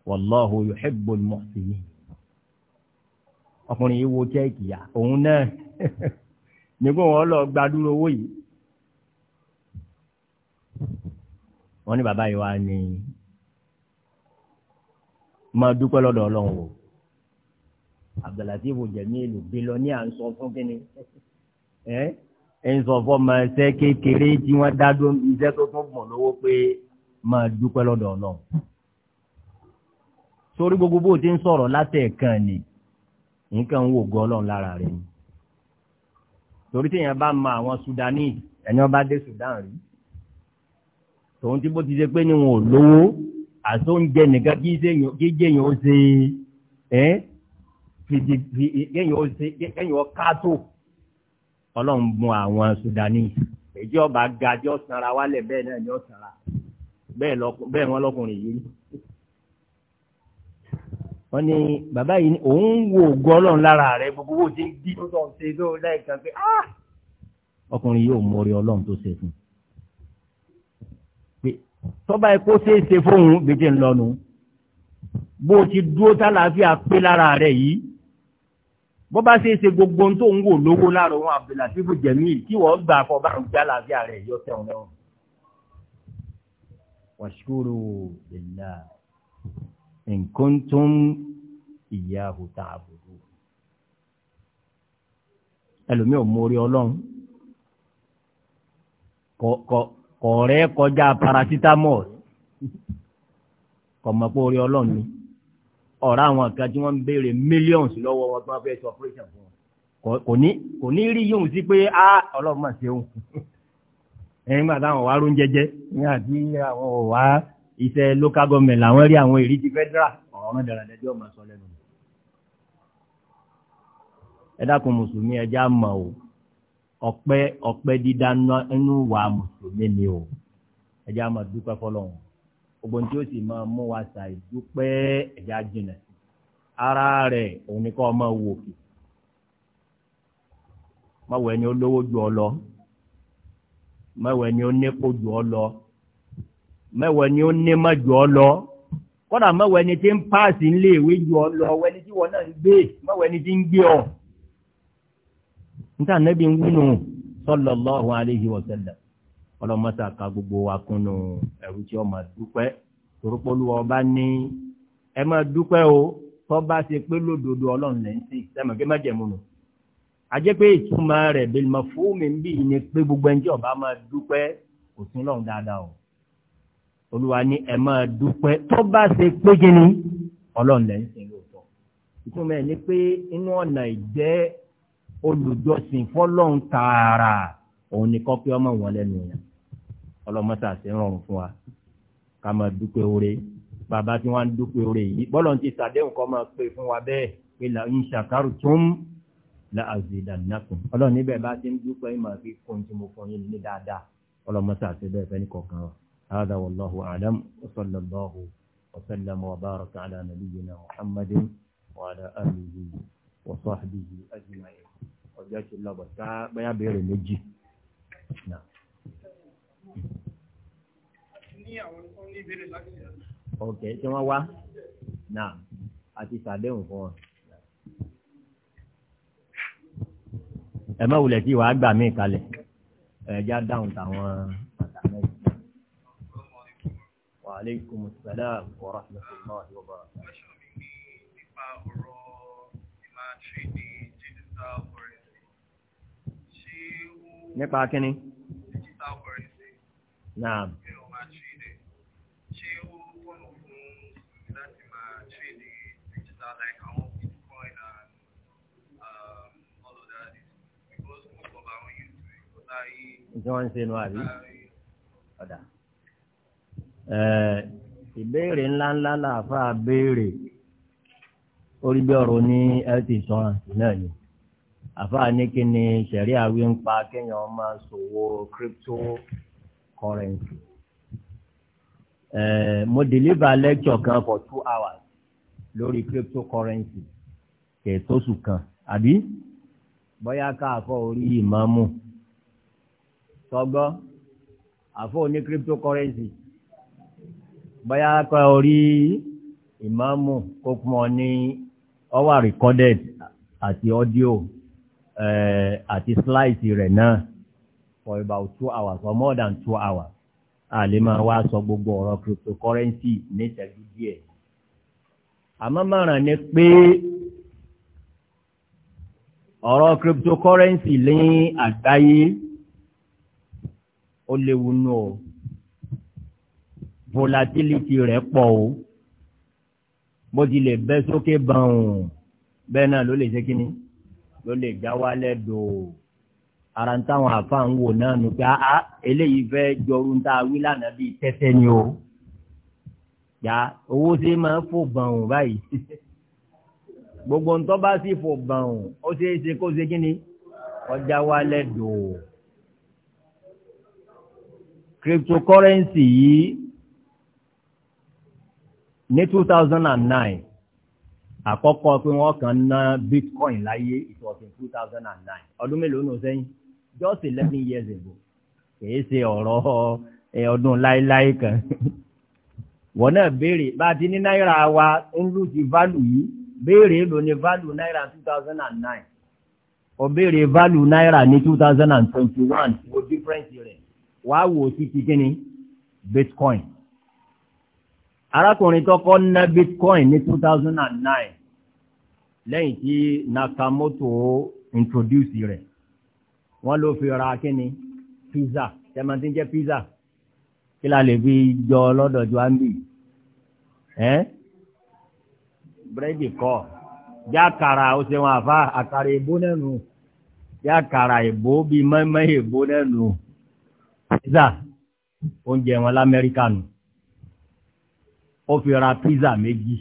wallahu yuhibbul muhsinin ọkùnrin yìí wo chẹ́ẹ̀kì yá òun náà nígbà wọn lọ gbadúró owó yìí wọn ní bàbá yìí wá ní máa dúpẹ́ lọ́dọ̀ ọlọ́run o abdulateef jẹ̀mílù bílọ́ní à ń sọ fún kínní ẹ ẹ ń sọ fún ọmọ ẹsẹ̀ kékeré tí wọ́n dá dúró iṣẹ́ tó tún bọ̀ lówó pé máa dúpẹ́ lọ́dọ̀ ọlọ́run sórí gbogbo bó ti ń sọ̀rọ̀ látẹ̀ẹ̀kan ni nǹkan ń wò gọ́ ọlọ́run lára rẹ̀ ni torí tí èèyàn bá mọ àwọn sudani ẹni wọn bá dé sudan rí tòun tí bó ti ṣe pé ni wọn ò lówó àti oúnjẹ nìkan kí jẹ́yìn ó ṣe ẹ́ kẹ́yìn ó káàtó ọlọ́run mú àwọn sudani èjì ọba gajọ́ sanra wálẹ̀ bẹ́ẹ̀ náà ni ó sanra bẹ́ẹ̀ wọ́n lọ́kùnrin yìí wọ́n ní bàbá yìí ní òun wo ògùn ọlọ́run lára rẹ̀ gbogbo owó ti ń bí tó sọ ṣe tó lẹ́ẹ̀kan pé ah! ọkùnrin yóò mọ orí ọlọ́run tó ṣe fún un tọ́ba epo ṣe é fóun gbèjè ńlọnu bó ti dúró tálàáfíà pé lára rẹ̀ yìí bó bá ṣe é ṣe gbogbo ohun tó ń wò lówó lára òun Abdulatif Jamiu tí wọ́n gbà fọ bá ń já làáfíà rẹ̀ yọ tẹ̀wọ̀n lọ́rùn wàṣíkúrò bẹ̀lá in kuntum iyyahu ta'budu ẹlòmíì ò mórí ọlọ́run kọ̀ọ̀rẹ́ kọjá parasitamọ́ọ̀ kọ̀mọ̀ pé orí ọlọ́run ni ọ̀rọ̀ àwọn kan tí wọ́n ń béèrè millions lọ́wọ́ wọn tí wọ́n fẹ́ ṣe operation fún wọn kò ní rí yóò sí pé á ọlọ́run mà ṣeun ẹ̀yin gbà táwọn wá rún jẹjẹ ní àti àwọn wá iṣẹ́ local government làwọn rí àwọn èrí ti federal ọ̀rọ̀ dẹ̀rẹ̀dẹ̀jọ́ máa sọ lẹ́nu. ẹ mùsùlùmí ẹja mọ̀ o ọpẹ́ ọpẹ́ dídá nínú wa mùsùlùmí ni o ẹja máa dúpẹ́ fọlọ́run ogun tí ó sì máa mú wa ṣàì dúpẹ́ ẹja jìnà ara rẹ̀ òun ni kọ́ ọ máa wò kì máa wọ ẹni ó lówó ju ọ lọ máa wọ ó népò ju ọ lọ mẹ́wàá ni ó ní mọ́jọ ọ lọ kọ́dà mẹ́wàá ni tí ń páàsì nílé ìwé jù ọ lọ wẹ́ni tí wọ́n náà ń gbé mẹ́wàá ni tí ń gbé ọ. níta nẹ́bí ń wúnu sallallahu alayhi wa sallam ọlọ́mọta ka gbogbo wa kúnnù ẹ̀rù tí ọmọ dúpẹ́ torópolú ọba ní ẹ máa dúpẹ́ o tọ́ bá ṣe pé lódodo ọlọ́run lẹ́yìn sí sẹ́mi kí má jẹ̀mú nù ajẹ́ pé ìtumọ̀ rẹ̀ bẹ́ẹ̀ mọ̀ fún mi bí ni pé gbogbo ẹni tí ọba máa dúpẹ́ òsín lọ́run dáadáa o olúwa ní ẹ máa dúpẹ́ tó bá ṣe pé kí ni ọlọ́run lẹ́yìn lóòótọ́ ìtumọ̀ ẹ̀ ni pé inú ọ̀nà ìjẹ́ olùjọsìn fọlọ́run tààrà òun ni kọ́pẹ́ ọmọ wọn lẹ́nu yẹn ọlọ́mọta ṣe ń rọrùn fún wa ká máa dúpẹ́ oore bàbá tí wọ́n á dúpẹ́ oore yìí bọ́lọ̀ ti ṣàdéhùn kọ́ máa pè fún wa bẹ́ẹ̀ pé là ń ṣàkárù tó ń la azidannakum ọlọ́run níbẹ̀ bá ti ń dúpẹ́ ìmọ̀ fi kóńtì mo fọyín ní dáadáa ọlọ́mọta ṣe bẹ́ẹ̀ هذا والله أعلم وصلى الله وسلم وبارك على نبينا محمد وعلى آله وصحبه أجمعين وجاك الله بسعى بيا بير نجي نعم أوكي tí wọ́n نعم. náà àti sàdéhùn أما wọn. Ẹ má wulẹ̀ tí wàá gbà mí عليكم السلام ورحمة الله وبركاته nípa kíní. Naam. Ìjọba ń ṣe àbí? Ọ̀dà. ìbéèrè ńláńlá làáfà béèrè orí bí ọ̀rọ̀ ní health insurance náà ni àfà ní kí ni sẹ̀rí àwí ń pa kéèyàn máa ṣòwò cryptocurrency. Uh, mo deliver lecture kan for two hours lórí cryptocurrency kẹ̀ẹ́tọ́sù kan àbí bóyá káàfọ́ orí ìmáàmù tọgbọ́ àfọ́ crypto cryptocurrency. bóyá kọ́ orí ìmáàmù kó ní ọwà recorded àti audio eh, àti slide rẹ̀ náà for about two hours or more than two hours a lè máa wá sọ gbogbo ọ̀rọ̀ cryptocurrency níṣẹ́jú díẹ̀. àmọ́ márùn-ún ni pé ọ̀rọ̀ cryptocurrency lẹ́yìn àgbáyé ó léwu nù No volatility rẹ̀ pọ̀ o bó ti lè bẹ́ sókè bàn o bẹ́ẹ̀ náà ló lè ṣe kínní ló lè já wálẹ̀ dò ara ń táwọn àfa ń wò náà nù pé a ah, ah, eléyìí fẹ́ jọrú ń ta wí lánàá bíi tẹ́tẹ́ ni o yá owó ṣe máa ń fò bàn o báyìí gbogbo ń tọ́ bá sì fò bàn o ó ṣeé ṣe kó ṣe kínní ọjà wálẹ̀ dò cryptocurrency yìí ní two thousand and nine àkọ́kọ́ pé wọ́n kàn ná bitcoin láyé it was in two thousand and nine ọdún mélòó nù sẹ́yìn just eleven years ago kìí ṣe ọ̀rọ̀ ọdún láéláé kan wọ́n náà béèrè bá a ti ní náírà wa ń lù ti value yìí béèrè èlò ni value náírà two thousand and nine ó béèrè value náírà ní two thousand and twenty one wo difference rẹ̀ wàá wò ó títí kí ni bitcoin arákùnrin tọ́kọ́ ná bitcoin ní 2009 lẹ́yìn tí Nakamoto introduce rẹ̀ wọ́n ló fi ra kíni pizza tẹ́mọ̀tí jẹ́ pizza kí la lè fi jọ lọ́dọ̀ ju ambi ẹ́n búrẹ́dì kọ́ jákàrà ó ṣe wọn àfa àkàrà èbó nẹ́nu jákàrà èbó bíi mẹ́mẹ́ èbó nẹ́nu pizza oúnjẹ wọn lamẹ́ríkà nù ó fi ra pizza méjì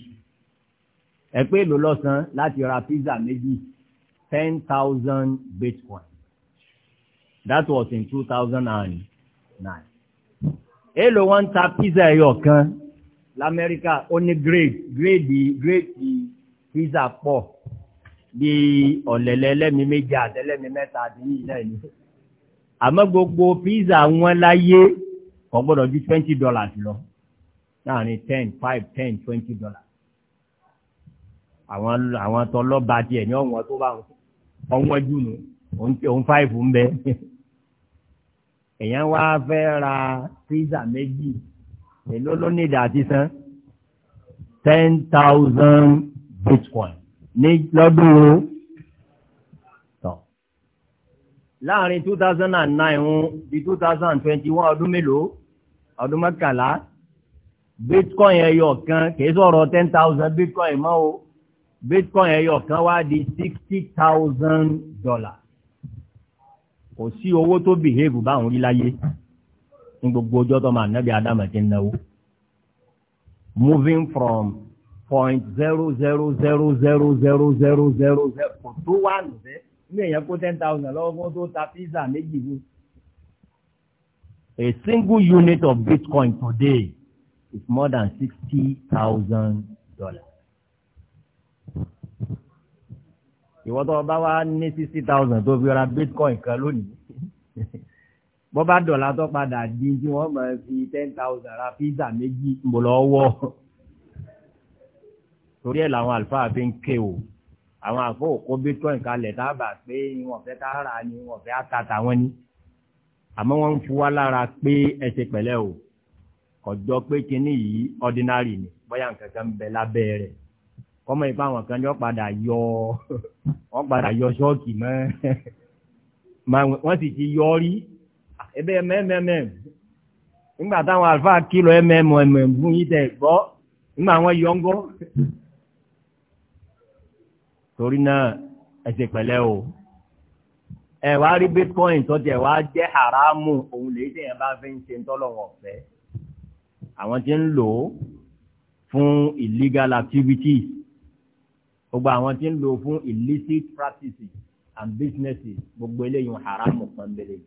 ẹ pé èlò lọ́sàn láti ra pizza méjì ten thousand bitcoin that was in two thousand and nine èlò wọn ta pizza ẹyọ kan lamẹ́ríkà ó ní grade grade grade pizza pọ̀ bí ọ̀lẹ̀lẹ̀ ẹlẹ́mi méjì àtẹlẹ́mi mẹ́ta àti yìí náà ni àmọ́ gbogbo pizza wọn láyé kò gbọ́dọ̀ ju twenty dollars lọ láàrin ten five ten twenty dollars àwọn àwọn tọlọ́ba tiẹ̀ ní ọ̀wọ́n tó bá ọ̀wọ́n jù nù òun five ń bẹ èèyàn wá fẹ́ ra pizza méjì èló ló ní ìdá àti san ten thousand bitcoin ní lọ́dún o láàrin two thousand and nine di two thousand and twenty one ọdún mélòó ọdún mọ́kànlá bitcoin ẹyọ kan kìí sọ̀rọ̀ ten thousand bitcoin mọ́ o bitcoin ẹyọ kan wá di sixty thousand dollars kò sí owó tó bìhéèvù báwọn rí láyé ní gbogbo ọjọ́ tó máa nábì ádámù ti ń náwó moving from point zero zero zero zero zero zero zero zero kò tó wà nùfẹ́ ní èèyàn kó ten thousand lọ́wọ́ fún tó ta pizza méjì ni a single unit of bitcoin today is more than sixty thousand dollars. ìwọ tó bá wá ní sixty thousand tó fi ra bitcoin kan lónìí bó bá dọ̀là tó padà di tí wọ́n máa fi ten thousand ra pizza méjì mbò lọ́wọ́ torí ẹ̀ làwọn àlùfáà fi ń ké o àwọn àfọ òkó bitcoin kalẹ̀ tá a bà pé wọ́n fẹ́ tá a rà ni wọ́n fẹ́ àtàtà wọn ni àmọ́ wọ́n ń fún wa lára pé ẹ ṣe pẹ̀lẹ́ o kọjọ pé kinní yìí ordinary ni bóyá nǹkan kan bẹ lábẹ́ rẹ̀ kọ́mọ ìpá àwọn kan jọ padà yọ wọ́n padà yọ ṣọ́ọ̀kì mọ́ wọ́n sì ti yọ rí ẹbẹ́ mẹ́mẹ́mẹ́ nígbà táwọn àlùfáà kìlọ̀ mẹ́mẹ́mẹ́ fún yín tẹ̀ gbọ́ nígbà wọn yọ ń gọ́ torí náà ẹ ṣe pẹ̀lẹ́ o ẹ wá rí bitcoin tó tẹ̀ wá jẹ́ haramu òun lè tẹ̀yẹ̀ bá fi ń ṣe ń tọ́lọ̀ wọ̀ fẹ́ẹ́ àwọn tí ń lò ó fún illegal activities gbogbo àwọn tí ń lò ó fún illicit practices and businesses gbogbo eléyìí haram kan bẹ̀rẹ̀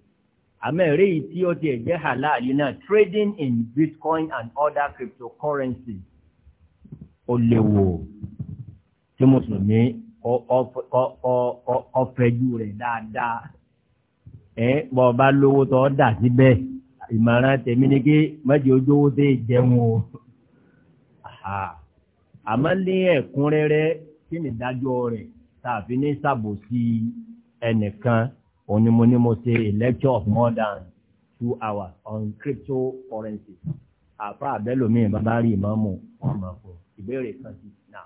àmọ́ èrè yìí tí ó tiẹ̀ jẹ́ halal yìí náà trading in bitcoin and other cryptocurrencies ó léwu tí mùsùlùmí ọ̀fẹ́jú rẹ̀ dáadáa ẹ bọ́ ọba lówó tó dà síbẹ̀. Si ìmọ̀ràn tèmi ni pé mẹ́jọ ojú owó tẹ́ jẹun o àmọ́ ní ẹ̀kúnrẹ́rẹ́ kí ni ìdájọ́ rẹ̀ tàbí ní sàbòsí ẹnìkan òun ni mo ní mo ṣe a lecture of more than two hours on cryptocurrency àfa àbẹ́lòmíì bàbá rí ìmọ̀ọ́mù ọmọ fún ìbéèrè kan sí náà.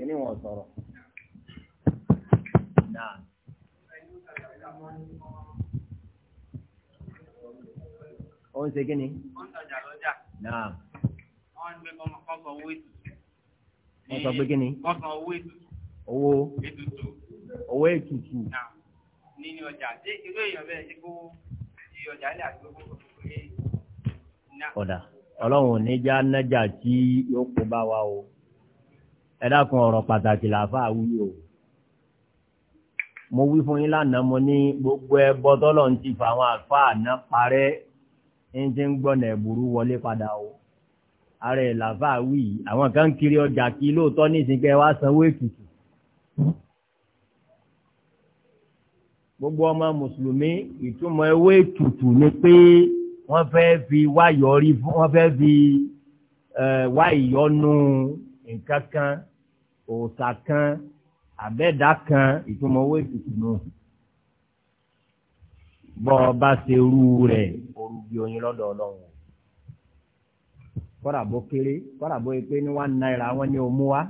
kíní wọn sọ̀rọ̀. ó ń ṣe kíni. ó ń tajà lọ́jà. wọ́n gbé kọ́kọ́ owó ètùtù. wọ́n sọ pé kíni. kọ́kọ́ owó ètùtù. owó ètùtù. owó ètùtù. nínú ọjà ṣé irú èèyàn bẹ́ẹ̀ ṣe kó di ọjà ilé àti owó kò fún ọ̀dà ọlọ́run ò ní já nájà tí yóò kó bá wa o ẹ dákun ọ̀rọ̀ pàtàkì làáfàá wí o mo wí fún yín lánàá mo ní gbogbo ẹbọ tọ́lọ̀ ń ti fa àwọn àlùfáà náà parẹ́ ń ti ń gbọ́nà ẹ̀bùrú wọlé padà o ara ẹ̀ làáfàá wí àwọn kan kiri ọjà kí lóòótọ́ nísìnyí kẹ́ wá sanwó ètùtù gbogbo ọmọ mùsùlùmí ìtumọ̀ ewé ètùtù ni pé wọ́n fẹ́ fi wáyọrí wọ́n fẹ́ fi wáyọnu nǹkan kan òòṣà kan àbẹ́dá kan ìtumọ̀ owó ètùtù nù. bọ́ ọ bá ṣe rú rẹ̀ orúbi oyin lọ́dọ̀ ọlọ́run kọ́ra bó kéré kọ́ra bó yẹ pé ní wà náírà wọn ni ó mú wa.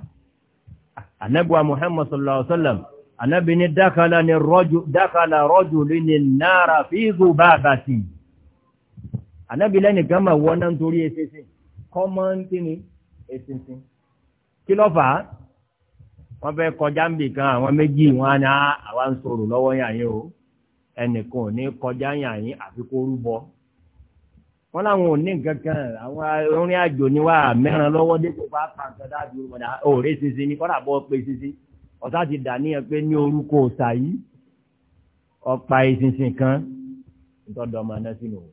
anabiwa muhammad sallallahu alaihi wa sallam anabi ni dákàlà ni rọ́jù dákàlà rọ́jù lé ní náírà fíìgù bá a anabi lẹ́nìkan máa wọ́n náà nítorí eṣinṣin kọ́mọ́ntì ni eṣinṣin kí ló fà á wọ́n fẹ́ kọjá ń bì kan àwọn méjì wọn á ní àwa ń sọ̀rọ̀ lọ́wọ́ yàn yín o ẹnìkan ò ní kọjá yàn yín àfi kó rúbọ wọn làwọn ò ní nǹkan kan àwọn orin àjò ni wà mẹ́ran lọ́wọ́ dépò bá pàǹkan dáàbò ìrọ̀dà òòrè ṣinṣin ni kọ́dà bọ́ pé ṣinṣin ọ̀sá ti dà níyàn pé ní orúkọ òòsà yìí ọ̀pá ìṣinṣin kan ìtọ́dọ̀ ọmọ náà sínú o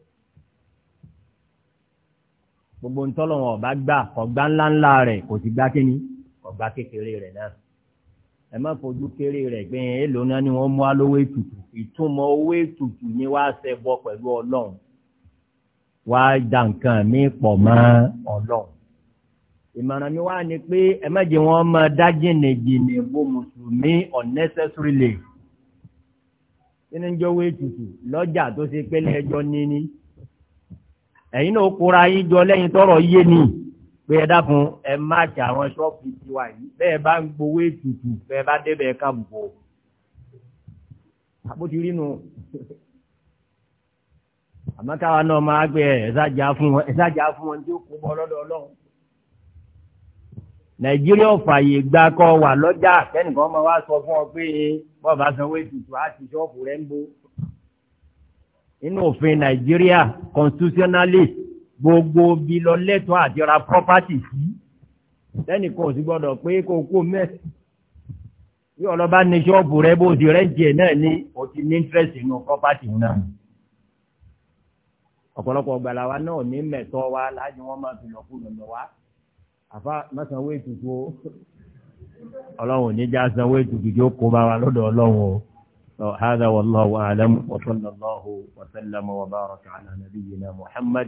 gbogbo ntọ́lọ́wọ̀n ọ̀bá gbà ọ̀gbá ńláńlá rẹ̀ kò sì gbá kínní ọ̀gbá kékeré rẹ̀ náà ẹ má fojú kéré rẹ̀ pé èèlò náà ni wọ́n mú wá lówó ètùtù ìtumọ̀ owó ètùtù ni wá ṣẹbọ pẹ̀lú ọlọ́run wá da nǹkan mi pọ̀ mọ́ ọlọ́run ìmọ̀ràn mi wá ni pé ẹ má jẹ́ wọ́n máa dá jìnnìjìnnì bo mùsùlùmí unnecessarily kí ni ń jọ owó ètùtù lọ́jà tó ṣe pé lẹ́jọ́ níní ẹ̀yin náà kóra yín jọ lẹ́yìn tọ́rọ̀ yé ni. Lo, pé ẹ dákun ẹ máàkì àwọn ṣọ́ọ̀bù tiwa yìí bẹ́ẹ̀ bá ń gbowó ètùtù bẹ́ẹ̀ bá débẹ̀ ká bò ó. àbótí rí nu àmọ́ káwa náà máa gbé ẹ̀sájà fún wọn ẹ̀sájà fún wọn tí ó kó bọ́ lọ́dọ̀ ọlọ́run. nàìjíríà fààyè gba kọ́ wà lọ́jà kẹ́nìkan máa wá sọ fún ọ pé bọ́ọ̀ bá sanwó ètùtù á ti ṣọ́ọ̀bù rẹ̀ ń bo. nínú òfin nàìjíríà constitutionalist gbogbo bí lọ lẹ́tọ̀ọ́ àti ra property sí lẹ́nì kan ò gbọ́dọ̀ pé kó kó mẹ́sì bí ọlọ́ba ní ṣọ́ọ̀bù rẹ bó ti rẹ́ǹtì ẹ̀ náà ní o ti ní interest nínú property náà ọ̀pọ̀lọpọ̀ gbàlà náà ní mẹ̀tọ́ wa láti wọ́n máa fi lọ́kù lọ́lọ́ wa àfa mọ́sánwó ètùtù o ọlọ́run ní já sanwó ètùtù tí ó kó bá wa lọ́dọ̀ ọlọ́run o. هذا والله أعلم وصلى الله وسلم وبارك على نبينا محمد